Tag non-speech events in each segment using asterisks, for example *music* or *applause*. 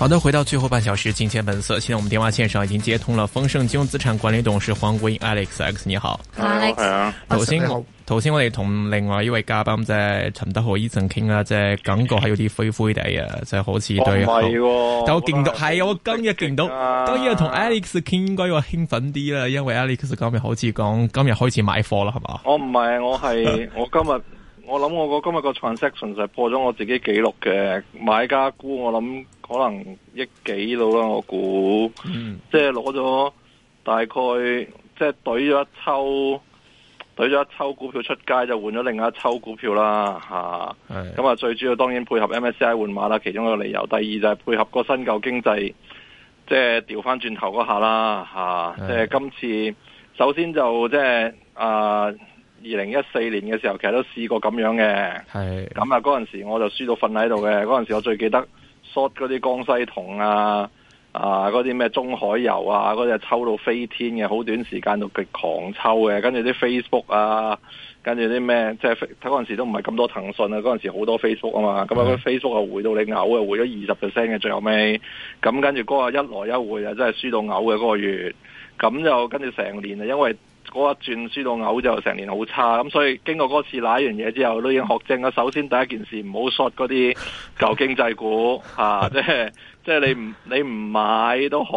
好的，回到最後半小時，盡顯本色。現在我們電話線上已經接通了豐盛金融資產管理董事黃國英 Alex，Alex 你好。頭先頭先我哋同另外一位嘉賓即係陳德豪 Ethan 傾啦，即係感覺係有啲灰灰地啊，即係好似對。但我勁到係我今日勁到，當然要同 Alex 傾應該要興奮啲啦，因為 Alex 今日好似講今日開始買貨啦，係嘛？我唔係，我係 *laughs* 我今日我諗我個今日個 transaction 就係破咗我自己記錄嘅買家估，我諗。可能億幾度啦，我估，嗯、即係攞咗大概，即係掟咗一抽，掟咗一抽股票出街就換咗另一抽股票啦，吓。咁啊，是最主要當然配合 MSCI 換馬啦，其中一個理由。第二就係配合個新舊經濟，即係調翻轉頭嗰下啦，吓、啊。是即係今次，首先就即係啊，二零一四年嘅時候，其實都試過咁樣嘅。係咁啊，嗰陣時我就輸到瞓喺度嘅，嗰陣是時我最記得。short 嗰啲江西銅啊，啊嗰啲咩中海油啊，嗰啲抽到飛天嘅，好短時間度極狂抽嘅，跟住啲 Facebook 啊，跟住啲咩，即係睇嗰陣時都唔係咁多騰訊啊，嗰陣時好多 Facebook 啊嘛，咁啊 Facebook 啊回到你嘔啊，回咗二十 percent 嘅最後尾，咁跟住嗰個一來一回啊，真係輸到嘔嘅嗰個月，咁就跟住成年啊，因為。嗰一轉輸到嘔，就成年好差咁，所以經過嗰次舐完嘢之後，都已經學正啦。首先第一件事唔好 short 嗰啲舊經濟股吓，即係即係你唔你唔買都好，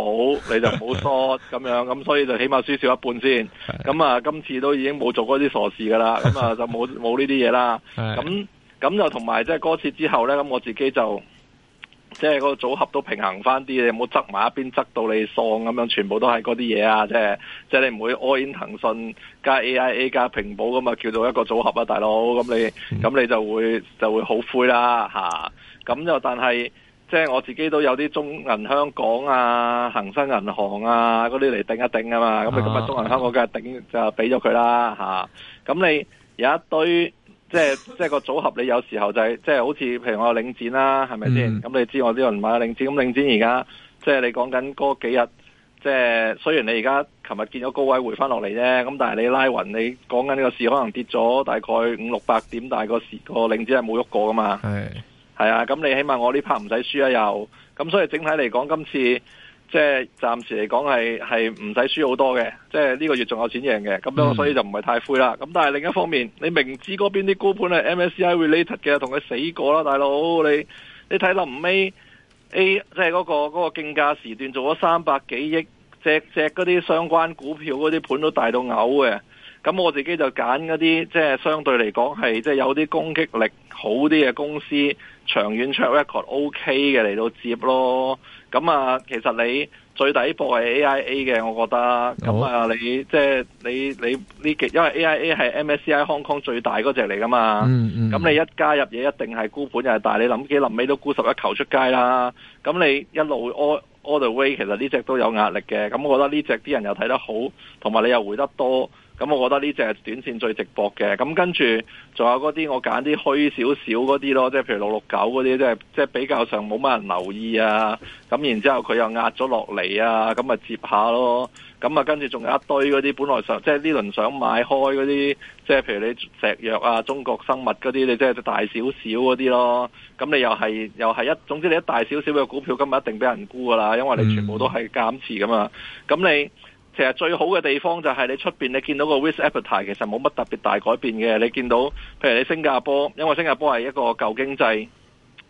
你就唔好 short 咁樣。咁所以就起碼輸少一半先。咁 *laughs* 啊，今次都已經冇做嗰啲傻事噶啦，咁啊就冇冇呢啲嘢啦。咁咁 *laughs* 就同埋即係嗰次之後咧，咁我自己就。即係嗰個組合都平衡翻啲，你冇執埋一邊執到你喪咁樣，全部都係嗰啲嘢啊！即係即係你唔會 all in 騰訊加 AIA 加平保咁啊，叫做一個組合啊，大佬！咁你咁你就會就會好灰啦吓。咁、啊、就但係即係我自己都有啲中銀香港啊、恒生銀行啊嗰啲嚟頂一頂啊嘛。咁你今日中銀香港梗係頂就俾咗佢啦吓。咁、啊、你有一堆。即係即係個組合，你有時候就係即係好似譬如我有領展啦、啊，係咪先？咁、mm. 嗯、你知我啲人買領展，咁領展而家即係你講緊嗰幾日，即係雖然你而家琴日見咗高位回翻落嚟啫，咁但係你拉勻，你講緊呢個市可能跌咗大概五六百點，但係個市個領展係冇喐過噶嘛。係係、mm. 啊，咁你起碼我呢 part 唔使輸啊又，咁所以整體嚟講，今次。即係暫時嚟講係係唔使輸好多嘅，即係呢個月仲有錢贏嘅，咁所以就唔係太灰啦。咁但係另一方面，你明知嗰邊啲沽盤係 MSCI related 嘅，同佢死過啦，大佬你你睇到唔尾 A，即係嗰個嗰、嗰個競價時段做咗三百幾億隻隻嗰啲相關股票嗰啲盤都大到嘔嘅。咁我自己就揀嗰啲即係相對嚟講係即係有啲攻擊力好啲嘅公司，長遠 track record OK 嘅嚟到接咯。咁啊，其實你最底部係 AIA 嘅，我覺得。咁啊你、oh. 你，你即係你你呢幾，因為 AIA 係 MSCI Hong Kong 最大嗰隻嚟㗎嘛。嗯嗯、mm。咁、hmm. 你一加入嘢，一定係沽盤又係大，你諗幾諗尾都沽十一球出街啦。咁你一路 all all the way，其實呢隻都有壓力嘅。咁我覺得呢隻啲人又睇得好，同埋你又回得多。咁我覺得呢隻係短線最直博嘅，咁跟住仲有嗰啲我揀啲虛少少嗰啲咯，即係譬如六六九嗰啲，即係即係比較上冇乜人留意啊。咁然之後佢又壓咗落嚟啊，咁咪接下咯。咁啊跟住仲有一堆嗰啲本來上即係呢輪想買開嗰啲，即係譬如你石藥啊、中國生物嗰啲，你即係大少少嗰啲咯。咁你又係又係一總之你一大少少嘅股票，今日一定俾人沽噶啦，因為你全部都係減持噶嘛。咁你。其實最好嘅地方就係你出面，你見到個 risk appetite 其實冇乜特別大改變嘅。你見到譬如你新加坡，因為新加坡係一個舊經濟。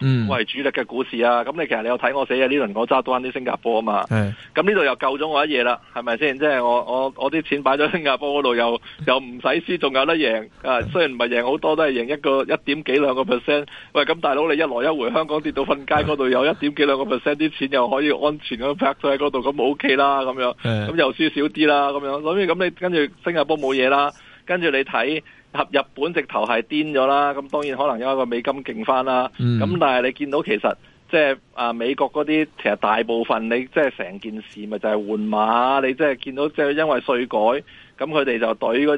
嗯，為主力嘅股市啊，咁你其實你有睇我寫嘅，呢輪我揸多翻啲新加坡啊嘛，咁呢度又救咗我一嘢啦，係咪先？即係我我我啲錢擺咗新加坡嗰度，又又唔使輸，仲有得贏啊！是雖然唔係贏好多，都係贏一個一點幾兩個 percent。喂，咁大佬你一來一回，香港跌到瞓街嗰度，有一點幾兩個 percent，啲是錢又可以安全咁拍咗喺嗰度，咁冇 ok 啦，咁樣，咁是又輸少啲啦，咁樣，諗住咁你跟住新加坡冇嘢啦，跟住你睇。合日本直頭係癲咗啦，咁當然可能有一個美金勁翻啦。咁、嗯、但係你見到其實即係啊美國嗰啲，其實大部分你即係成件事咪就係換馬，你即係見到即係因為稅改，咁佢哋就對嗰啲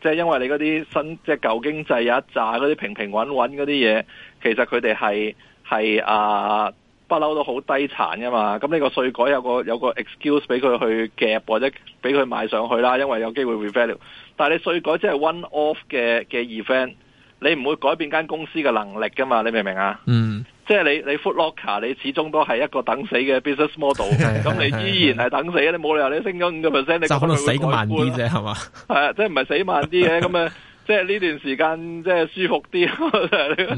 即係因為你嗰啲新即係舊經濟有一紮嗰啲平平穩穩嗰啲嘢，其實佢哋係係啊不嬲都好低殘噶嘛。咁呢個稅改有個有個 excuse 俾佢去夾或者俾佢買上去啦，因為有機會 revalue。但係你稅改即係 one off 嘅嘅 event，你唔會改變間公司嘅能力噶嘛？你明唔明啊？嗯即、即係你你 Foot Locker，你始終都係一個等死嘅 business model。咁 *laughs* 你依然係等死， *laughs* 你冇理由你升咗五個 percent，你可能會會死，慢死慢啲啫，係嘛？係啊，即係唔係死慢啲嘅，咁啊，即係呢段時間即係舒服啲， *laughs*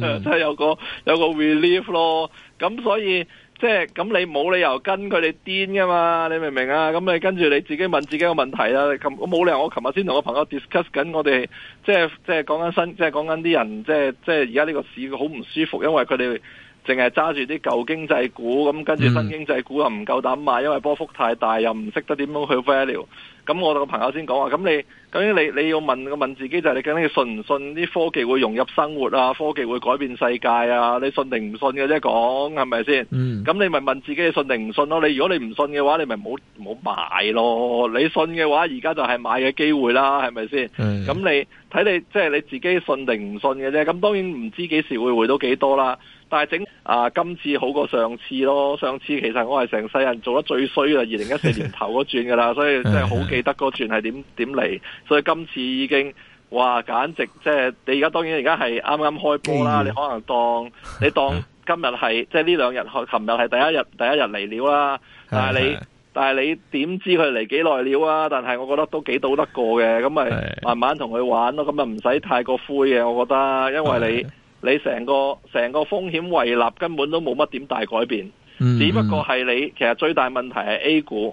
嗯、 *laughs* 即係有個有個 relief 咯。咁所以。即係咁，你冇理由跟佢哋癲㗎嘛？你明唔明啊？咁你跟住你自己問自己個問題啦。咁我冇理由，我琴日先同個朋友 discuss 緊，我哋即係即係講緊新，即係講緊啲人，即係即係而家呢個市好唔舒服，因為佢哋淨係揸住啲舊經濟股，咁跟住新經濟股又唔夠膽買，因為波幅太大，又唔識得點樣去 value。咁我哋個朋友先講話，咁你究竟你你要問個問自己就係你究竟信唔信啲科技會融入生活啊？科技會改變世界啊？你信定唔信嘅、啊、啫？講係咪先？咁、嗯、你咪問自己你信定唔信咯、啊？你如果你唔信嘅話，你咪唔好買咯？你信嘅話，而家就係買嘅機會啦，係咪先？咁、嗯、你睇你即係、就是、你自己信定唔信嘅、啊、啫。咁當然唔知幾時會回到幾多啦。但係整啊今次好過上次咯。上次其實我係成世人做得最衰啦。二零一四年頭嗰轉噶啦， *laughs* 所以真係好幾。記得個轉係點點嚟，所以今次已經哇，簡直即係你而家當然而家係啱啱開波啦。嗯、你可能當你當今日係 *laughs* 即係呢兩日，琴日係第一日，第一日嚟了啦。但係你 *laughs* 但係你點 *laughs* 知佢嚟幾耐料啊？但係我覺得都幾賭得過嘅，咁咪慢慢同佢玩咯。咁咪唔使太過灰嘅，我覺得，因為你 *laughs* *laughs* 你成個成個風險胃納根本都冇乜點大改變，嗯、只不過係你其實最大問題係 A 股。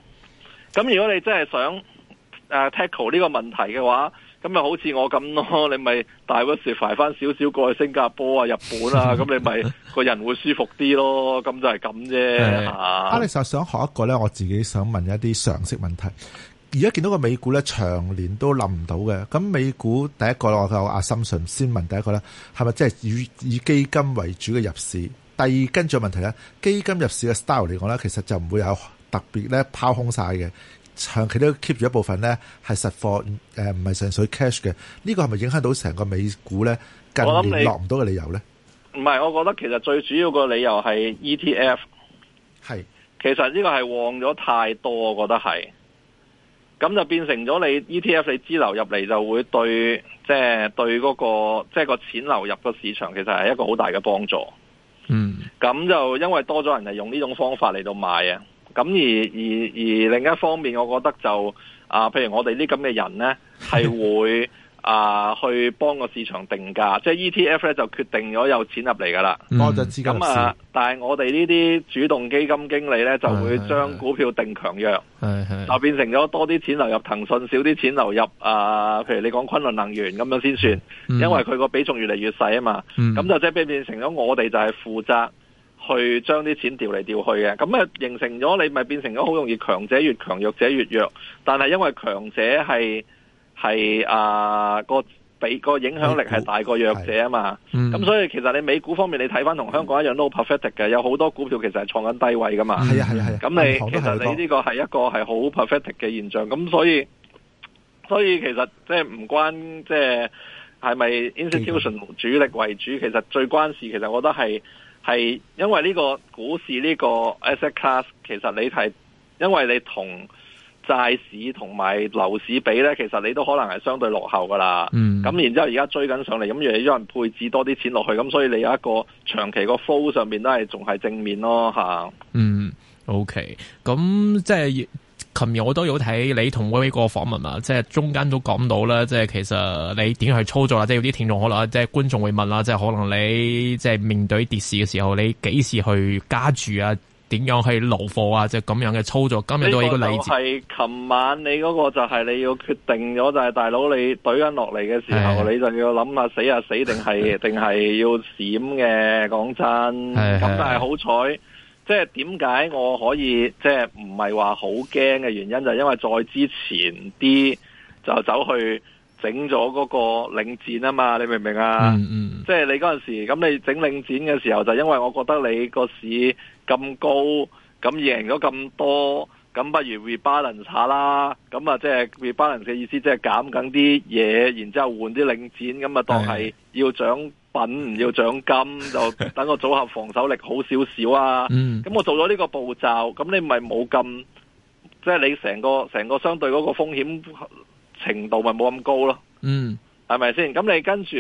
咁如果你真係想，誒、啊、tackle 呢個問題嘅話，咁咪好似我咁咯，你咪大 w 時 s 返翻少少過去新加坡啊、日本啊，咁你咪 *laughs* 個人會舒服啲咯，咁就係咁啫。的啊、阿力就想學一個咧，我自己想問一啲常識問題。而家見到個美股咧，長年都冧唔到嘅。咁美股第一個呢，我阿心順先問第一個咧，係咪即係以以基金為主嘅入市？第二跟住問題咧，基金入市嘅 style 嚟講咧，其實就唔會有特別咧拋空晒嘅。長期都 keep 住一部分咧，係實貨誒，唔係純粹 cash 嘅。呢、這個係咪影響到成個美股咧近年落唔到嘅理由咧？唔係，我覺得其實最主要個理由係 ETF 是。係，其實呢個係旺咗太多，我覺得係。咁就變成咗你 ETF 你支流入嚟就會對，即、就、係、是、對嗰、那個即係、就是、個錢流入個市場，其實係一個好大嘅幫助。嗯。咁就因為多咗人係用呢種方法嚟到買啊。咁而而而另一方面，我覺得就啊，譬如我哋呢咁嘅人呢，係會啊去幫個市場定價， *laughs* 即係 E T F 咧就決定咗有錢入嚟噶啦，多咗資金。咁啊，嗯、但係我哋呢啲主動基金經理呢，就會將股票定強弱，是是是是就變成咗多啲錢流入騰訊，少啲錢流入啊，譬如你講昆崙能源咁樣先算，因為佢個比重越嚟越細啊嘛。咁、嗯、就即係變變成咗我哋就係負責。去將啲錢調嚟調去嘅，咁啊形成咗你咪變成咗好容易強者越強，弱者越弱。但係因為強者係係啊個比個影響力係大過弱者啊嘛，咁、嗯、所以其實你美股方面你睇翻同香港一樣都好 perfect 嘅，有好多股票其實係創緊低位噶嘛。係啊係啊，咁你其實你呢個係一個係好 perfect 嘅現象。咁所以所以其實即係唔關即係係咪 institution 主力為主，其實最關事其實我覺得係。係，因為呢個股市呢個 asset class，其實你係因為你同債市同埋樓市比呢，其實你都可能係相對落後噶啦。咁、嗯、然之後而家追緊上嚟，咁越嚟越人配置多啲錢落去，咁所以你有一個長期個 flow 上面都係仲係正面咯，吓、嗯。嗯，OK，咁即係。琴日我都有睇你同威威個訪問啊，即係中間都講到啦，即係其實你點去操作啊？即係有啲聽眾可能即係觀眾會問啦，即係可能你即係面對跌市嘅時候，你幾時去加注啊？點樣去撈貨啊？即係咁樣嘅操作。今日都係一個例子。係琴晚你嗰個就係你要決定咗，就係、是、大佬你懟緊落嚟嘅時候，的你就要諗下、啊、死啊死定係定係要閃嘅。講真，咁的但係好彩。即係點解我可以即係唔係話好驚嘅原因就係因為再之前啲就走去整咗嗰個領展啊嘛，你明唔明啊？嗯嗯。即係你嗰陣時咁，你整領展嘅時候就因為我覺得你個市咁高，咁贏咗咁多，咁不如 rebalance 下啦。咁啊即係 rebalance 嘅意思即係減緊啲嘢，然之後換啲領展，咁啊當係要獎。嗯品唔要獎金，就等個組合防守力好少少啊！咁 *laughs* 我做咗呢個步驟，咁你咪冇咁，即係你成個成個相對嗰個風險程度咪冇咁高咯，嗯， *laughs* 係咪先？咁你跟住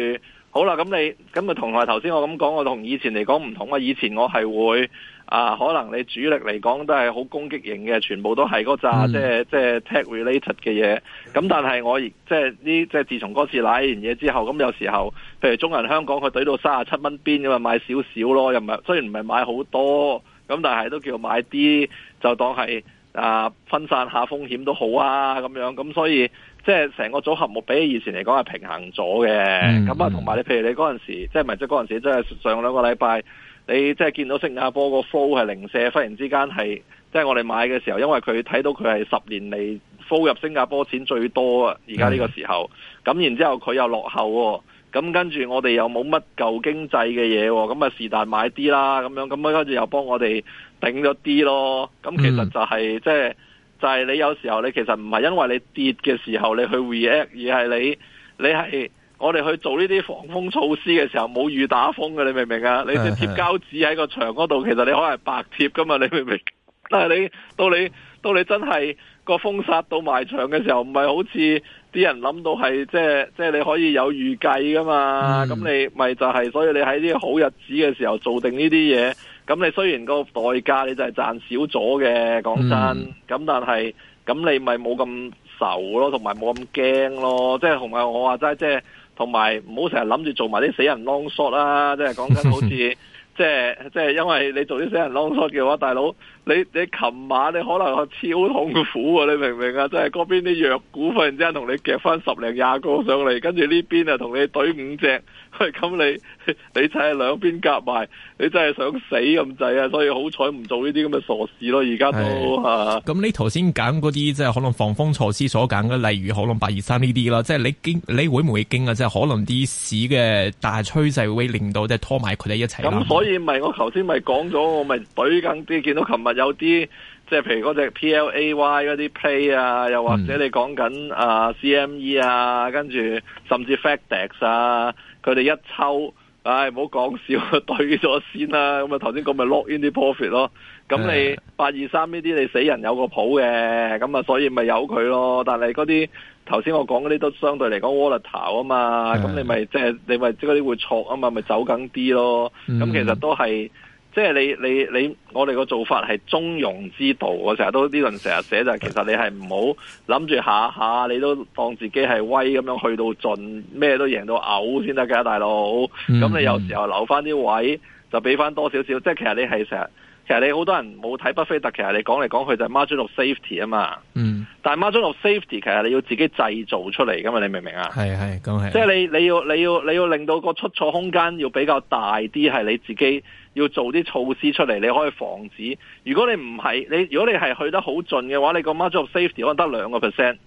好啦，咁你咁咪同埋頭先我咁講，我同以前嚟講唔同啊！以前我係會。啊，可能你主力嚟講都係好攻擊型嘅，全部都係嗰揸即係即係 tech related 嘅嘢。咁但係我亦即係呢即係自從嗰次買完嘢之後，咁有時候譬如中銀香港佢懟到三十七蚊邊咁啊，買少少咯，又唔係雖然唔係買好多，咁但係都叫買啲就當係啊分散下風險都好啊咁樣。咁所以即係成個組合目比起以前嚟講係平衡咗嘅。咁啊、嗯，同埋你譬如你嗰陣時即係唔即係嗰時即係上兩個禮拜。你即係見到新加坡個 flow 係零舍，忽然之間係即係我哋買嘅時候，因為佢睇到佢係十年嚟 flow 入新加坡錢最多啊！而家呢個時候，咁、嗯、然之後佢又落後、哦，咁跟住我哋又冇乜舊經濟嘅嘢，咁啊是但買啲啦，咁樣咁啊跟住又幫我哋頂咗啲咯。咁其實就係即係就係、是就是、你有時候你其實唔係因為你跌嘅時候你去 react，而係你你係。我哋去做呢啲防風措施嘅時候，冇雨打風嘅，你明唔明啊？你只貼膠紙喺個牆嗰度，其實你可能係白貼噶嘛，你明唔明？但係你到你到你真係個風殺到埋牆嘅時候，唔係好似啲人諗到係即係即係你可以有預計噶嘛？咁、嗯、你咪就係、是，所以你喺啲好日子嘅時候做定呢啲嘢，咁你雖然個代價你就係賺少咗嘅，講真，咁、嗯、但係咁你咪冇咁愁咯，同埋冇咁驚咯，即係同埋我話齋即係。同埋唔好成日諗住做埋啲死人 long shot 啦、啊，即係講緊好似即係即係， *laughs* 即係即係、因為你做啲死人 long shot 嘅話，大佬。你你琴晚你可能超痛苦啊！你明唔明啊？即係嗰邊啲藥股，忽然之間同你夾翻十零廿個上嚟，這邊跟住呢邊啊同你懟五隻，咁你你真係兩邊夾埋，你真係想死咁滯啊！所以好彩唔做呢啲咁嘅傻事咯，而家都咁是、啊、你頭先揀嗰啲即係可能防風措施所揀嘅，例如可能八二三呢啲啦，即、就、係、是、你驚你會唔會驚啊？即、就、係、是、可能啲市嘅大趨勢會令到即係、就是、拖埋佢哋一齊。咁所以咪我頭先咪講咗，我咪懟緊啲，見到琴日。有啲即係譬如嗰隻 P.L.A.Y 嗰啲 play 啊，又或者你講緊、嗯、啊 C.M.E 啊，跟住甚至 FedEx 啊，佢哋一抽，唉唔好講笑，對咗先啦、啊，咁啊頭先嗰咪 lock in 啲 profit 咯。咁你八二三呢啲你死人有個譜嘅，咁啊所以咪由佢咯。但係嗰啲頭先我講嗰啲都相對嚟講 volatile 啊嘛，咁你咪即係你咪即嗰啲會錯啊嘛，咪走緊啲咯。咁其實都係。即係你你你，我哋個做法係中庸之道。我成日都呢輪成日寫就係，其實你係唔好諗住下下，你都當自己係威咁樣去到盡，咩都贏到嘔先得㗎，大佬。咁、嗯、你有時候留翻啲位，就俾翻多少少。即係其實你係成日。其實你好多人冇睇巴菲特，其實你講嚟講去就係 margin of safety 啊嘛。嗯。但係 margin of safety，其實你要自己製造出嚟噶嘛，你明唔明啊？係係，咁即係你你要你要你要令到個出錯空間要比較大啲，係你自己要做啲措施出嚟，你可以防止。如果你唔係你，如果你係去得好盡嘅話，你個 margin of safety 可能得兩個 percent，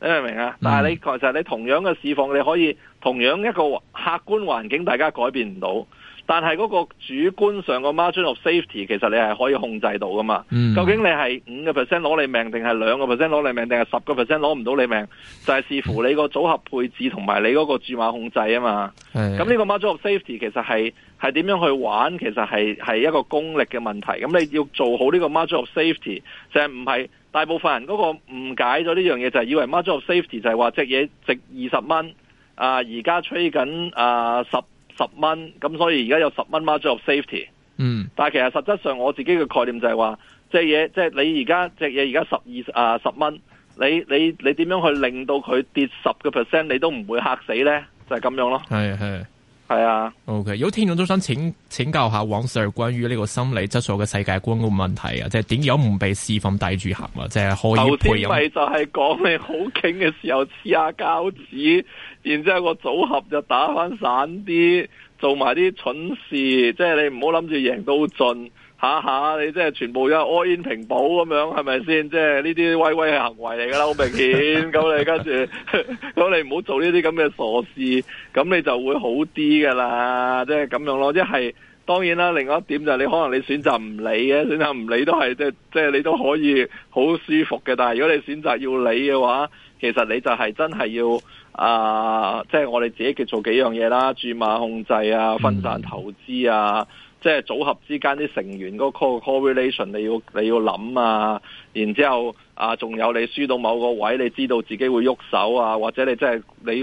你明唔明啊？嗯，但係你其實你同樣嘅市況你可以同樣一個客觀環境，大家改變唔到。但係嗰個主觀上個 margin of safety 其實你係可以控制到㗎嘛？嗯、究竟你係五個 percent 攞你命定係兩個 percent 攞你命定係十個 percent 攞唔到你命，就係、是、視乎你個組合配置同埋你嗰個注碼控制啊嘛。咁呢、嗯、個 margin of safety 其實係係點樣去玩？其實係係一個功力嘅問題。咁你要做好呢個 margin of safety，就係唔係大部分人嗰個誤解咗呢樣嘢，就係、是、以為 margin of safety 就係話隻嘢值二十蚊啊，而家吹緊啊十，十蚊咁，所以而家有十蚊 margin of safety。嗯。但係其實實質上我自己嘅概念就係話，隻嘢，即係你而家隻嘢而家十二啊、呃、十蚊，你你你點樣去令到佢跌十個 percent，你都唔會嚇死咧，就係、是、咁樣咯。係係。係啊，OK，有聽眾都想請請教一下黃 Sir 關於呢個心理質素嘅世界觀嘅問題啊，即係點樣唔被市況帶住行啊，即係可以培養。頭先咪就係講你好勁嘅時候，黐下膠紙，然之後個組合就打翻散啲，做埋啲蠢事，即係你唔好諗住贏到盡。下下，你即係全部 all in 平保，咁樣，係咪先？即係呢啲威威嘅行為嚟噶啦，好明顯。咁 *laughs* 你跟住，咁你唔好做呢啲咁嘅傻事，咁你就會好啲噶啦。即係咁樣咯。即係當然啦，另外一點就係你可能你選擇唔理嘅，選擇唔理都係即係即係你都可以好舒服嘅。但係如果你選擇要理嘅話，其實你就係真係要啊，即係我哋自己嘅做幾樣嘢啦，注碼控制啊，分散投資啊。嗯即係組合之間啲成員嗰個 correlation，你要你要諗啊，然之後。啊，仲有你輸到某個位，你知道自己會喐手啊，或者你真係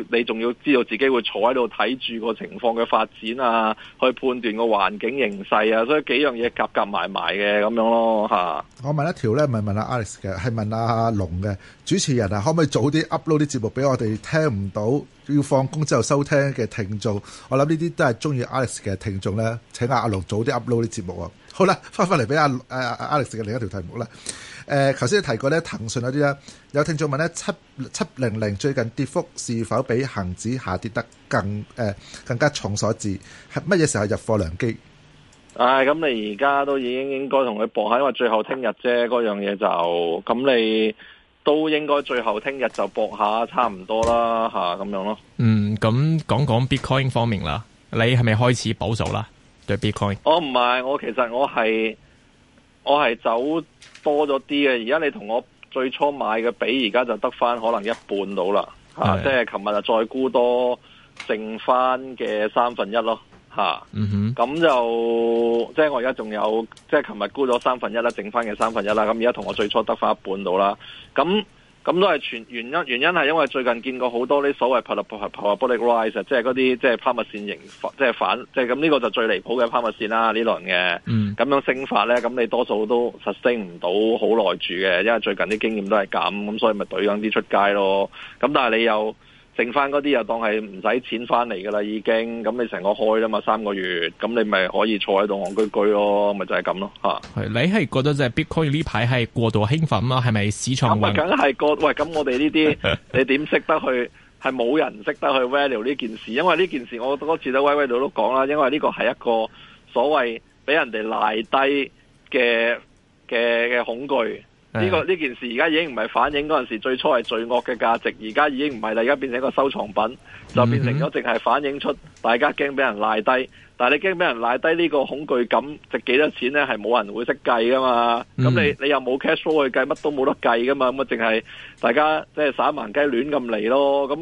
你你仲要知道自己會坐喺度睇住個情況嘅發展啊，去判斷個環境形勢啊，所以幾樣嘢夾夾埋埋嘅咁樣咯嚇。我問一條咧，唔係問阿、啊、Alex 嘅，係問阿、啊、龍嘅。主持人啊，可唔可以早啲 upload 啲節目俾我哋聽唔到，要放工之後收聽嘅聽眾？我諗呢啲都係中意 Alex 嘅聽眾咧。請阿阿、啊、龍早啲 upload 啲節目啊！好啦，翻翻嚟俾阿 Alex 嘅另一條題目啦。誒、呃，頭先提過咧，騰訊嗰啲啦，有聽眾問咧，七七零零最近跌幅是否比恒指下跌得更誒、呃、更加重所致？係乜嘢時候入貨良機？唉、哎，咁你而家都已經應該同佢搏下，因為最後聽日啫，嗰樣嘢就咁，你都應該最後聽日就搏下，差唔多啦，吓、啊、咁樣咯。嗯，咁講講 Bitcoin 方面啦，你係咪開始保守啦？對 Bitcoin，我唔係，我其實我係我係走多咗啲嘅，而家你同我最初買嘅比，而家就得翻可能一半到啦，吓的、啊，即係琴日就再沽多，剩翻嘅三分一咯，吓、啊，咁、嗯、哼就即係我而家仲有，即係琴日沽咗三分一啦，剩翻嘅三分一啦，咁而家同我最初得翻一半到啦，咁。咁都係全原因，原因係因為最近見過好多啲所謂 public rise 即係嗰啲即係拋物線型，即、就、係、是 erm、反，即係咁呢個就最離譜嘅拋物線啦。呢輪嘅，咁、嗯、樣升法咧，咁你多數都實升唔到好耐住嘅，因為最近啲經驗都係咁，咁所以咪懟緊啲出街咯。咁但係你又。剩翻嗰啲又當係唔使錢翻嚟噶啦，已經咁你成個開啦嘛，三個月咁你咪可以坐喺度戇居居咯，咪就係咁咯吓。係你係覺得就係 Bitcoin 呢排係過度興奮啦係咪市場？咁啊，梗係過喂，咁我哋呢啲你點識得去？係冇人識得去 value 呢件事，因為呢件事我多次微微都威威老都講啦，因為呢個係一個所謂俾人哋賴低嘅嘅嘅恐懼。呢、這個呢件事而家已經唔係反映嗰陣時最初係罪惡嘅價值，而家已經唔係啦，而家變成一個收藏品，就變成咗淨係反映出大家驚俾人賴低。但係你驚俾人賴低呢個恐懼感值幾多錢咧？係冇人會識計噶嘛。咁、嗯、你你又冇 cash flow 去計，乜都冇得計噶嘛。咁啊，淨係大家即係、就是、耍盲雞亂咁嚟咯。咁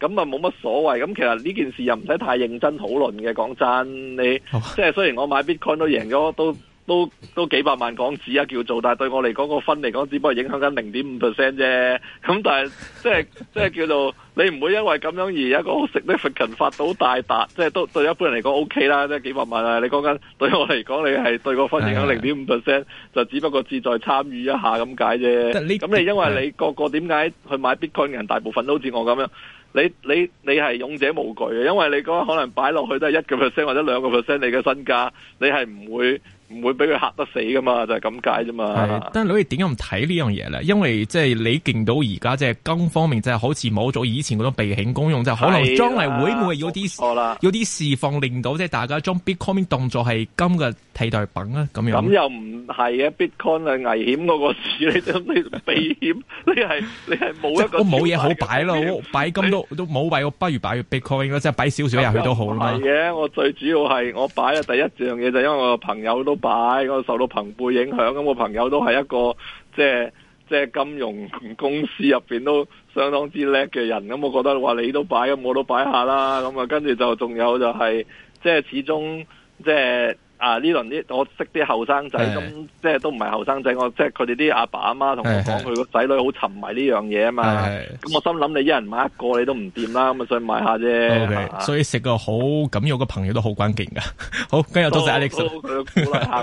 咁啊，冇乜所謂。咁其實呢件事又唔使太認真討論嘅。講真，你好即係雖然我買 Bitcoin 都贏咗都。都都幾百萬港紙啊！叫做，但係對我嚟講、個分嚟講，只不過影響緊零點五 percent 啫。咁但係即係即係叫做你唔會因為咁樣而一個好食得頻頻發到大達，即係都對一般人嚟講 OK 啦。即係幾百萬啊！你講緊對我嚟講，你係對個分影響零點五 percent，就只不過志在參與一下咁解啫。咁你因為你個個點解去買 Bitcoin 嘅人，大部分都好似我咁樣，你你你係勇者無懼嘅，因為你嗰可能擺落去都係一個 percent 或者兩個 percent 你嘅身家，你係唔會。唔會俾佢嚇得死噶嘛，就係、是、咁解啫嘛。但係你點解唔睇呢樣嘢咧？因為即係、就是、你見到而家即係金方面，即、就、係、是、好似冇咗以前嗰種避險功用，即、就、係、是、可能將嚟會唔會有啲有啲釋放，令到即係、就是、大家將 Bitcoin 當作係金嘅。替代品啊，咁樣咁又唔係嘅，bitcoin 啊危險嗰個事，你你避險，你係你係冇一個， *laughs* 我冇嘢好擺咯，擺 *laughs* 金都都冇位，我不如擺 bitcoin 咯，即係擺少少入去都好係嘅，我最主要係我擺嘅第一樣嘢就是、因為我朋友都擺，我受到朋輩影響，咁我朋友都係一個即係即係金融公司入邊都相當之叻嘅人，咁我覺得話你都擺，咁我都擺下啦，咁啊跟住就仲有就係、是、即係始終即係。啊！呢輪啲我識啲後生仔咁，的即係都唔係後生仔，我即係佢哋啲阿爸阿媽同我講，佢個仔女好沉迷呢樣嘢啊嘛。咁我心諗你一人買一個你都唔掂啦，咁啊想買下啫。所以食、嗯、Okay, 行個好咁樣嘅朋友都好關鍵噶。 *laughs* 好，今日多謝 Alex 好，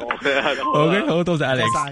好，多謝 Alex *laughs* l